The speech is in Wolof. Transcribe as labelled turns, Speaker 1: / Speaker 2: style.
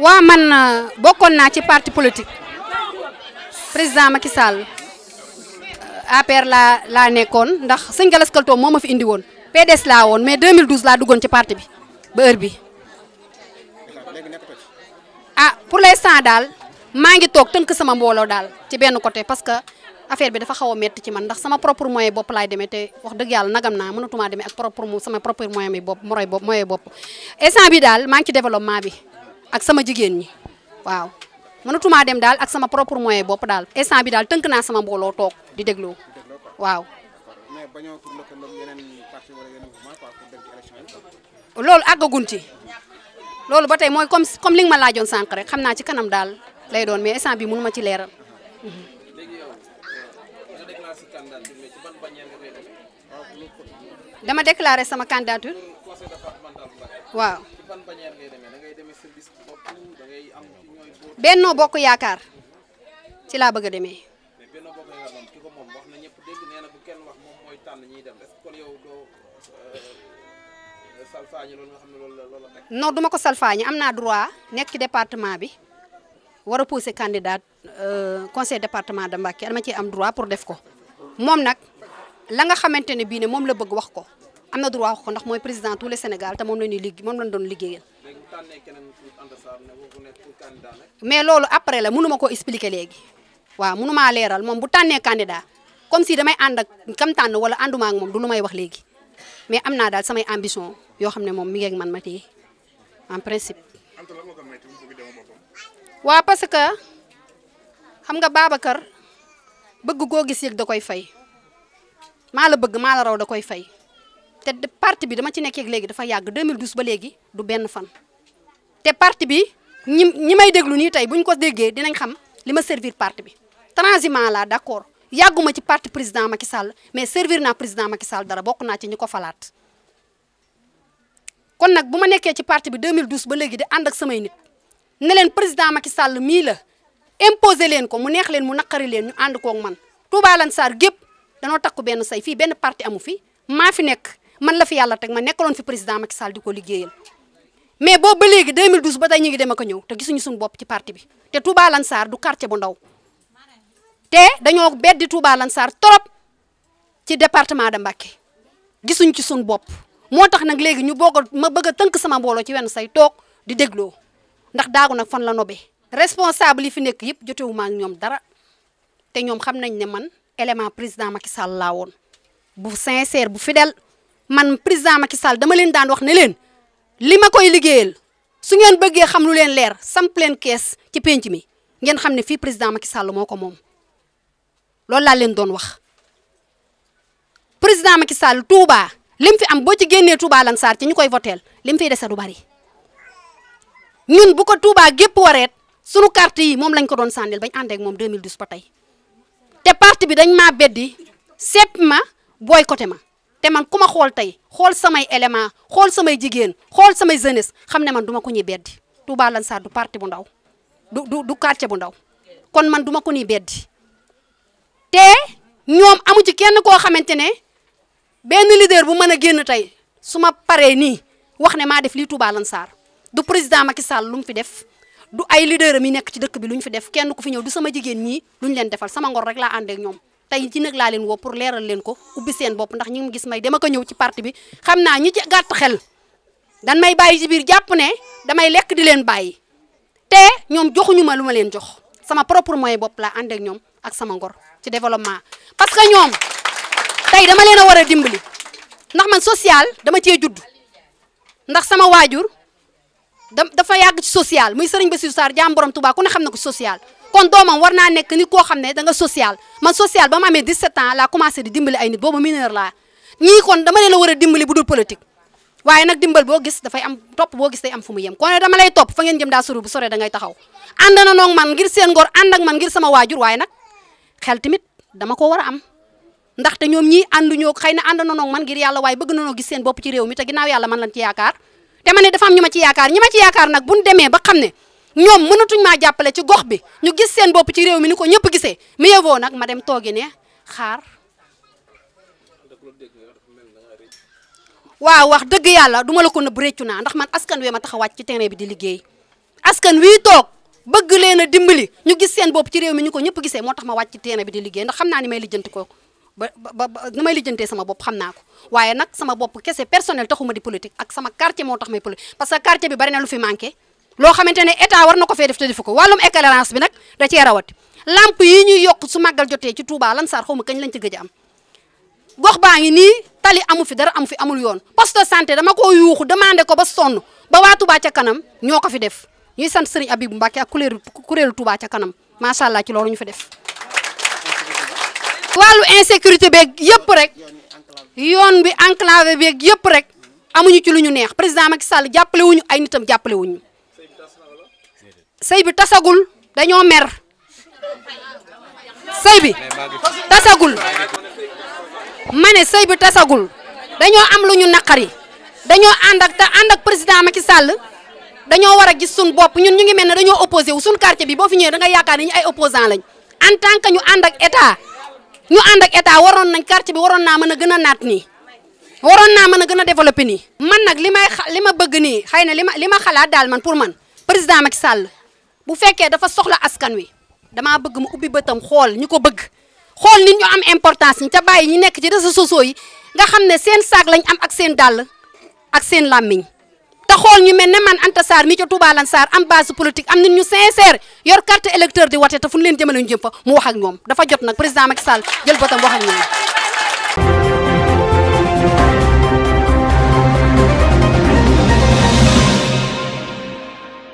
Speaker 1: waa man euh, bokkoon naa ci parti politique président Macky Sall euh, APR laa laa nekkoon ndax sëñ Gallas Kaltoom moo ma fi indi woon des laa woon mais 2012 laa duggoon ci parti bi ba heure bi ah pour l'instant daal maa ngi toog tënk sama mbooloo daal ci benn côté parce que affaire bi dafa xaw a metti ci man ndax sama propre moyen bopp laay demee te wax dëgg yàlla nagam naa mënatumaa demee ak propre sama propre moyen bi bopp moroy bopp moyen bi daal maa ngi ci développement bi ak sama jigéen ñi waaw mënatumaa dem daal ak sama propre moyen bopp daal instant bi daal tënk naa sama mbooloo toog di dégloo waaw. loolu àggagun ci loolu ba tey mooy comme comme li nga ma laajoon sànq rek xam naa ci kanam daal lay doon mais instant bi mënu ma ci leeral. dama déclaré sama candidature waaw. Benno Bokk Yaakaar ci laa bëgg a demee. non duma ko ñi am naa droit nekk ci département bi war a pousser candidat euh, conseil département de Mbacké ma ci am droit pour def ko moom nag la nga xamante ne bii ne moom la bëgg wax ko am na droit wax ko ndax mooy président tout le Sénégal te moom la ñuy liggéey mais loolu après la mënuma ko expliquer léegi waaw mënumaa leeral moom bu tànnee daa comme si damay ànd ak kam tànn wala ànduma ak moom du lu may wax léegi mais am naa daal samay ambition yoo xam ne moom mi ngi man ma téye en principe. waaw parce que xam nga Babacar bëgg goo gis yëg da koy fay maa la bëgg maa la raw da koy fay te parti bi dama ci nekk léegi dafa yàgg 2012 ba léegi du benn fan. te parti bi ñi ñi may déglu nii tey bu ko déggee dinañ xam li ma servir parti bi transhumant laa d'accord yàgguma ci parti président Macky Sall mais servir na président Macky Sall dara bokk naa ci ñi ko falaat kon nag bu ma nekkee ci parti bi 2012 ba léegi di ànd samay nit ne leen président Macky mii la imposé leen ko mu neex leen mu naqari leen ñu ànd koog man Touba Lansar gépp danoo takku benn say fii benn parti amu fi maa fi nekk man la fi yàlla teg ma nekkaloon fi président Macky Sall di ko liggéeyal mais boobu ba léegi 2012 ba tey ñu ngi dem ak a ñëw te gisuñu suñu bopp ci parti bi te Touba Lansar du quartier bu ndaw te dañoo beddi Touba Lansar trop ci département de Mbacké gisuñ ci suñu bopp moo tax nag léegi ñu boog ma bëgg a tënk sama mbooloo ci wenn say toog di dégloo ndax daagu nag fan la nobee responsable yi fi nekk yëpp jotewuma ak ñoom dara te ñoom xam nañ ne man élément président Macky Sall laa woon bu sincère bu fidèle man président Macky Sall dama leen daan wax ne leen li ma koy liggéeyal su ngeen bëggee xam lu leen leer samp leen kees ci penc mi ngeen xam ne fii président Macky Sall moo ko moom loolu laa leen doon wax président Macky Sall Touba lim fi am boo ci génnee Touba Lansar ci ñu koy voteel lim fiy dese du bari ñun bu ko Touba gépp wareet sunu carte yi moom lañ ko doon sànnil bañ ànd ak moom 2012 ba tey te parti bi dañ ma beddi seet ma boycotté ma. te man ku ma xool tey xool samay élément xool samay jigéen xool samay jeunesse xam ne man duma ko ñuy beddi Touba Lansar du parti bu ndaw du du du quartier bu ndaw kon man duma ko ñuy beddi te ñoom amu ci kenn koo xamante ne benn leader bu mën a génn tey su ma paree nii wax ne maa def lii Touba Lansar du président Macky Sall lu mu fi def du ay leader am yi nekk ci dëkk bi lu ñu fi def kenn ku fi ñëw sama jigéen ñii lu ñu leen defal sama ngor laa ànd ñoom tey ci nag laa leen woo pour leeral leen ko ubbi seen bopp ndax ñu ngi gis may dama ko ñëw ci parti bi xam naa ñi ci gàtt xel dan may bàyyi ci biir jàpp ne damay lekk di leen bàyyi te ñoom joxuñu ma lu ma leen jox sama propre moyen bopp laa ànd ak ñoom ak sama ngor ci développement parce que ñoom tey dama leen a war a ndax man social dama cee judd ndax sama waajur da dafa yàgg ci social muy Serigne Bassirou Sarr jaam borom Touba ku ne xam na ko social kon doomam war naa nekk ni koo xam ne danga social man social ba ma amee 17 ans laa commencé di dimbali ay nit boobu mineur laa ñii kon dama leen a war a dimbali bu dul politique waaye nag dimbal boo gis dafay am topp boo gis day am fu mu yem kon dama lay topp fa ngeen jëm daa sori bu soree da ngay taxaw ànd na noog man ngir ngor ànd ak man ngir sama waajur waaye nag xel tamit dama ko war a am ndaxte ñoom ñii ànduñoo xëy na na noog man ngir yàlla waaye bëgg na noo gis seen ci réew mi te yàlla man lañ ci yaakaar te ma ne dafa am ci yaakaar ñi ma ci yaakaar nag buñ demee ba xam ne ñoom mënatuñ maa jàppale ci gox bi ñu gis seen bopp ci réew mi ni ko ñëpp gisee mi yëwoo nag ma dem toogi ne xaar waaw wax dëgg yàlla duma la ko na réccu naa ndax man askan wee ma tax a wàcc ci terrain bi di liggéey askan wii toog bëgg leen a dimbali ñu gis seen bopp ci réew mi ñu ko ñëpp gisee moo tax ma wàcc ci terrain bi di liggéey ndax xam naa ni may lijjanti ko ba ba ni may lijjantee sama bopp xam naa ko waaye nag sama bopp kese personnel taxuma di politique moo tax may politique parce na lu fi manqué loo xamante ne état war na ko fee def te defu ko wàllum éclairance bi nag da cee rawati lamp yi ñu yokk su màggal jotee ci Touba lan saar xaw ma kañ lañ ci gëj am gox baa ngi nii tali amu fi dara amu fi amul yoon poste santé dama ko yuuxu demandé ko ba sonn ba waa Touba ca kanam ñoo ko fi def ñuy sant Serigne Abibou Mbacke ak kuréelu kuréelu Touba ca kanam macha allah ci loolu ñu fi def. wàllu insécurité beeg yëpp rek yoon bi enclavé beeg yëpp rek amuñu ci lu ñu neex président Macky Sall jàppale ay nitam jàppale wuñu sëy bi tasagul dañoo mer sëy bi tasagul ma ne bi tasagul dañoo am lu ñu naqari dañoo ànd ak te ànd ak président Macky Sall dañoo war a gis suñ bopp ñun ñu ngi mel ne dañoo opposé wu suñ bi boo fi ñëwee da nga yaakaar ay opposant lañ en tant ñu ànd ak état ñu ànd ak état waroon nañ quartier bi waroon naa mën a gën a naat nii waroon naa mën a gën a développé nii man nag li may li ma bëgg nii xëy na li ma li ma xalaat daal man pour man président Macky Sall bu fekkee dafa soxla askan wi damaa bëgg mu ubbi bëtam xool ñu ko bëgg xool nit ñu am importance ñi te bàyyi ñu nekk ci réseaux sociaux yi nga xam ne seen saag lañ am ak seen dàll ak seen làmmiñ te xool ñu mel ne man Anta Sarr mi ca Touba Lan Sarr am base politique am nit ñu sincère yor carte électeur di wate te fu ñu leen jëmale ñu jëm fa mu wax ak ñoom dafa jot nag président Macky Sall jël bëtam wax ak ñoom.